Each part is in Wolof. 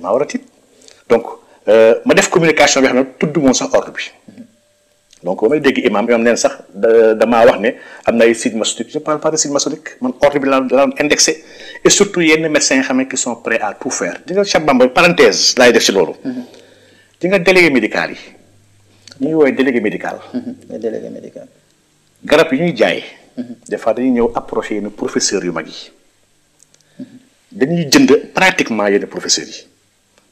damaa war a tiit euh, ma def communication bi xam ne tudd moom sax ordre bi donc ba dégg imam imam neen sax dama wax né amna ay site maçonniques je parle pas de site maçonniques man ordre bi la la indexé et surtout yenn médecins yi qui sont prêts à tout faire di nga Cheikh Bamba parenthèse lay def ci lolu di nga délégué médical yi. ñu woy délégué médical. délégué médical. garap yi ñuy jaay. des fois dañuy ñëw approché yenn professeurs yu mag dañuy jënd pratiquement yene professeurs yi.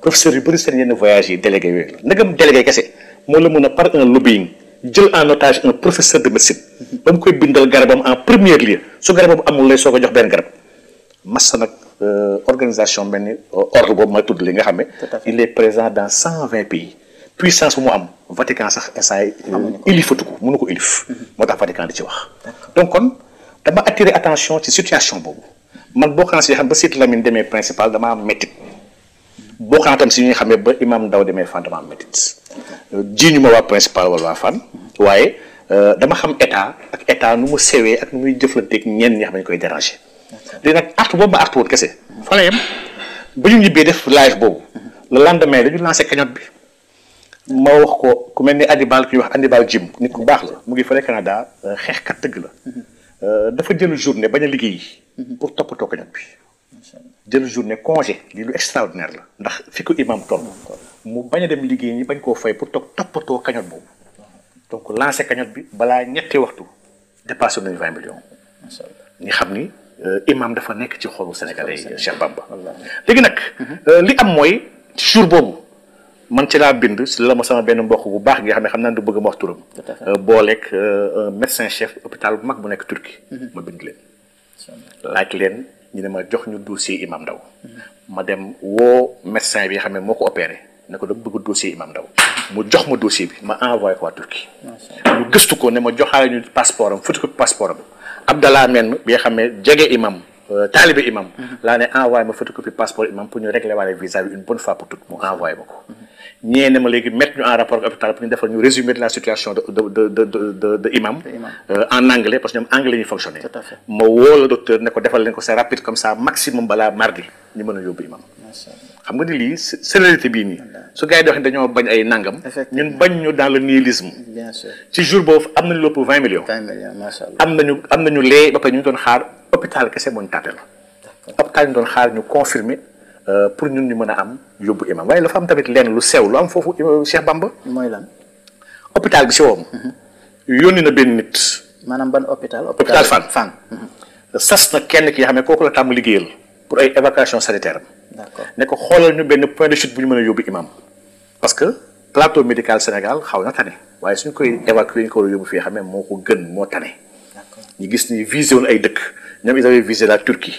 professeur yu bëri seen yenn voyage yi délégué yooyu la ndegam délégué kese moo la mën a par un lobbying jël en otage un professeur de médecine mm-hmm. ba mu koy bindal garabam en première lieu su garabam amul lay soo ko jox benn garab massa nag euh, organisation mel ni euh, ordre boobu may tudd li nga xam ne il est présent dans 120 pays puissance bu mu am Vatican sax instant euh, ilifatu ko mënu ko ilif mm-hmm. moo tax Vatican di ci wax donc kon dama attirer attention ci situation boobu man bokk naa si xam ba site Lamine demee principal dama am métit bokk na tam si ñuy xamee ba imam daw demee fan dama am métit ji ñu ma waa principal wala waa fan waaye euh, dama xam état ak état nu mu sewee ak nu muy jëflanteeg ñenn ñi xam ne koy déranger léegi nag artu boobu ma artu kese fa la yem ba ñu ñibbee def live boobu le lendemain dañu lancé cagnotte bi ma wax ko ku mel ni Adibal ku ñuy wax Adibal Jim nit ku baax la mu ngi fële Canada euh, xeexkat dëgg la euh, dafa jël journée bañ a liggéey pour toppatoo cagnotte bi jël journée congé lii lu extraordinaire la ndax fi ko imam toll mu bañ a dem liggéey ñi bañ koo fay pour toog toppatoo cagnotte boobu donc lancé cagnotte bi balaa ñetti waxtu dépassé nañu vingt millions xam ni euh, imam dafa nekk ci xolu sénégalais yi Bamba léegi nag mhm. euh, li am mooy ci jour boobu man ci laa bind si la ma sama benn mbokk bu baax nga xam ne xam naa du bëgg ma wax turam euh, booleeg médecin chef hôpital bu mag bu nekk turki mhm. ma bind leen laaj leen ñu ne ma jox ñu dossier Imam Ndao ma dem woo médecin bi nga xam ne moo ko opéré ne ko dama bëgg dossier Imam Ndao mu jox ma dossier bi ma envoyé ko waa Turquie mu gëstu ko ne ma joxaale ñu passeport am photocopie passeport am Abdallah men bi nga xam ne jege imam euh, taalibe imam mhm. laa ne envoyé ma photocopie passeport imam pour ñu régler waale visa bi une bonne fois pour toutes mu envoyé ma ko mhm. ñee ne ma léegi mettre ñu en rapport ak hôpital pour ñu defal ñu résumé de la situation de de de de de de, imam. Euh, en anglais parce que ñoom anglais ñuy fonctionner. ma woo la docteur ne ko defal leen ko c'est rapide comme ça maximum bala mardi ñu mën a yóbbu imam. xam nga ni lii sérénité bii nii. su gars yi di wax dañoo bañ ay nangam. ñun bañ ñu dans le nihilisme. ci jour boobu am nañu lépp 20 millions. vingt millions macha allah am nañu am nañu lee ba pare ñu ngi doon xaar hôpital kese moo ñu tàttal. hôpital ñu doon xaar ñu confirmer Euh, pour ñun ñu mën a am yóbbu imam waaye dafa am tamit lenn lu sew lu am foofu euh, Cheikh Bamba. mooy lan. hôpital bi si woom. Mhm. yónni na benn nit. maanaam ban hôpital. hôpital Fann Fann. Mhm. sas na kenn ki nga xam ne kooku la tàmm liggéeyal. pour ay évacuation sanitaire d'accord ne ko xoolal ñu benn point de bu ñu mën a yóbbu imam parce que plateau médical Sénégal xaw na tane waaye suñ koy mhm. évacuer ñu ko war a yóbbu fii xam ne moo ko gën moo tane. ñu gis ni visé woon ay dëkk ñoom ils avaient visé la Turquie.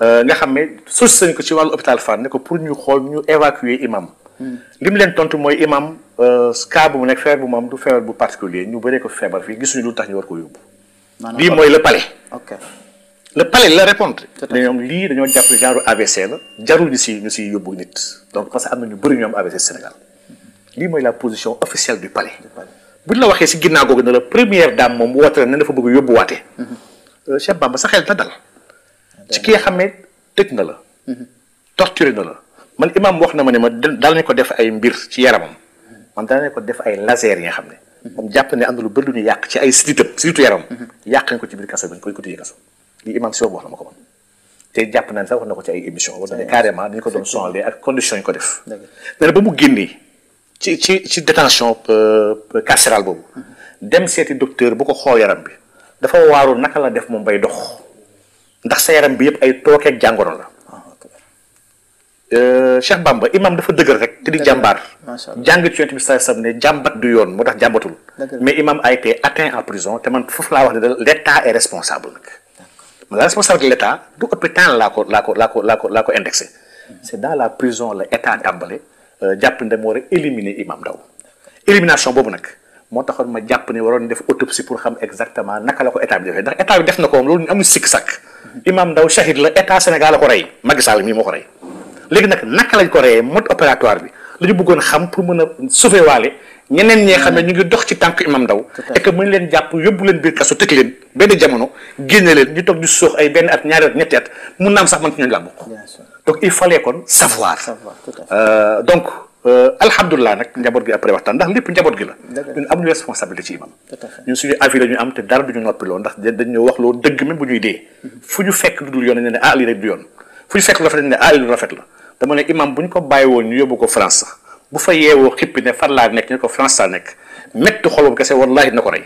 Euh, nga xamé ne source nañ ko ci wàllu hôpital fan ne ko pour ñu xol ñu évacuer imam hmm. li mu leen tontu mooy imam euh, cas bu nek nekk bu mu am du feebar bu particulier ñu bëré ko feebar fi gisunu lu tax ñu war ko yobbu lii moy le palais. ok le palais la répondre. dañoom li dañu japp genre AVC la jarul ci si ñu si yobbu nit. donc parce que amna ñu bëri ñu am AVC Sénégal li moy la position officielle du palais. bu la waxé ci ginnago googu la première dame mom wotale na ne dafa bëgg yobbu yóbbuwaatee. Hmm. Euh, chef Bamba sa xel ta dal. ci kii xam ne tëj na la. Mhm. torturé na la man imam wax na ma ne ma daal nañ ko def ay mbir ci yaramam man daal nañ ko def ay laser yi nga xam ne. moom jàpp ne am na lu bëri lu ñu yàq ci ay sititëb surtout yaram mhm. yàq nañ ko ci biir kaso bi dañ koy ko tëjee kaso li imam si boobu wax na ma ko man te jàpp naa ne sax wax na ko ci ay émission war na ne carrément ko doon sonlé ak condition yi ko def nee ba mu génnee ci ci ci détention euh, carcérale boobu mhm. dem seeti docteur bu ko xool yaram bi dafa waaru naka la def moom bay dox ndax sa yaram bi yëpp ay tookeeg jàngoro la. Ah, euh, Cheikh Bamba imam dafa dëgër rek te di jàmbaar. jàng ci yonent bi saa sam ne jàmbat du yoon moo tax jàmbatul. mais imam a été atteint en prison te man foofu laa wax ne l' état est responsable nag. la responsable de l' état du hôpital laa ko laa ko laa ko laa ko mm-hmm. la prison la état tàmbale euh, jàpp ne moo war a éliminer imam Ndao élimination boobu nag. moo taxoon ma jàpp ne waroon def autopsie pour xam exactement naka la ko état bi defee def na ko moom loolu ñu amul sikk sàkk imam Ndao shahid la état Sénégal la ko rey Macky mii moo ko rey léegi nag naka lañ ko reyee mode opératoire bi la ñu bëggoon xam pour mën a sauver waale ñeneen ñee xam ne ñu ngi dox ci tànk imam Ndao et que mën leen jàpp yóbbu leen biir kaso tëj leen benn jamono génne leen ñu toog di soox ay benn at ñaari at ñetti at mun naam sax man ci ñooñu laa bokk donc euh, donc Euh, alhamdulilah nag njaboot gi après waxtaan ndax lépp njaboot gi la. ñun am ñu responsabilité ci imam. ñun suñu avis la ñu am te dara du ñu noppiloo ndax dañ ñoo wax loo dëgg même bu ñuy dee. fu ñu fekk du dul yoon dañu ne ah du yoon fu ñu fekk lu rafet dañu ne ah rafet la dama ne imam bu ñu ko bàyyi woon ñu yóbbu ko France bu fa yeewoo xippi ne fan laa nekk ñu ko France saa nekk métti xolom kese wallahi na ko rey.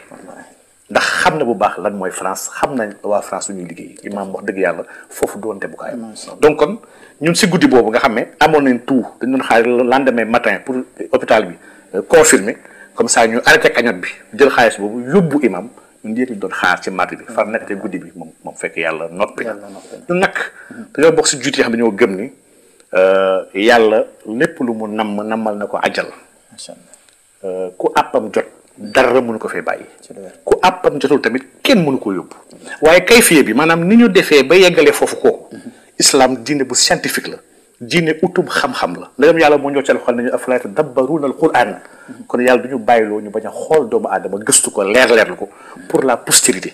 ndax xam na bu baax lan mooy France xam nañ waa France suñuy liggéey imam wax dëgg yàlla foofu doonte bu kaay donc kon ñun si guddi boobu nga xam ne amoon nañ tout dañ doon xaar lendemain matin pour hôpital bi euh, confirmer comme ça ñu arrêté cagnotte bi jël xaalis boobu yóbbu imam ñun yépp doon xaar ci matt bi far nekk te guddi bi moom moom fekk yàlla noppi ñun nag dañoo bokk si juuti yi xam dañoo gëm ni euh, yàlla lépp lu mu namm nammal na ko ajal euh, ku àppam jot ko fee bàyyi ku àppam jotul tamit kenn mënu ko yóbbu waaye kayfiye bi maanaam ni ñu defee ba yeggalee foofu kooku islam diine bu scientifique la diine utub xam-xam la ndegam yàlla moo ñoo ci alxuraan nañu afalaa tadabbaruuna alxuraan kon yàlla du ñu bàyyiloo ñu bañ a xool doomu aadama gëstu ko leer leerlu ko pour la postérité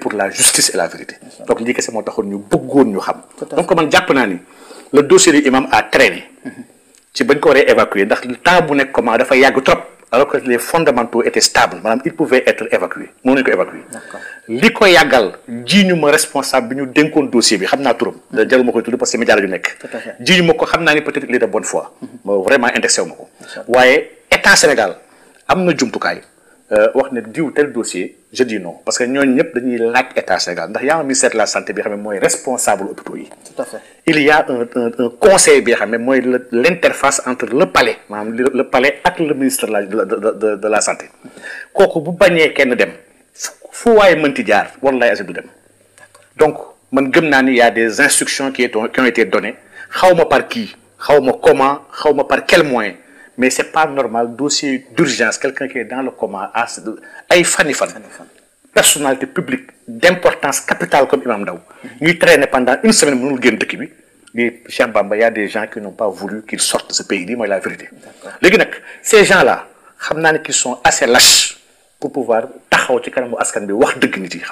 pour la justice la vérité donc lii kese moo taxoon ñu ñu xam donc man jàpp naa ni le dossier du imam a traîné mhm. ci bañ ko waree évacuer ndax temps bu nekk comment dafa yàgg trop alors que les fondamentaux étaient stables madame, ils pouvaient être évacués Nous ko évacuer. li ko yàggal jiiñu responsable bi ñu dénkoon dossier bi xam naa je da sais pas koy parce que média la ñu nekk. jiiñu ma ko que naa ni peut-être il de bonne foi. ma mm-hmm. vraiment indexé wu ma Sénégal, waaye état Sénégal am na jumtukaay. Euh, wax ne diw tel dossier je dis non parce que nous avons dañuy laaj état Sénégal ndax yaa ngi ministère de la santé bi xam ne mooy responsable hôpitaux yi. tout à fait il y a un conseil bien, mais moi l'interface entre le palais le palais et le ministre de la de de la santé kooku bu bagné kenn dem fu waaye mënti jaar wallaay dem donc man gëm na ni y a des instructions qui qui ont été données xaw par qui xaw comment par quel moyen mais c'est pas normal dossier d'urgence quelqu'un qui est dans le coma ah, ay fani fan personnalité publique d'importance capitale comme Imam Daou, il traîne pendant une semaine il dëkk bi mais Bamba y a des gens qui n'ont pas voulu qu'il sorte de ce pays dis-moi la vérité. ces gens là ils sont assez lâches pour pouvoir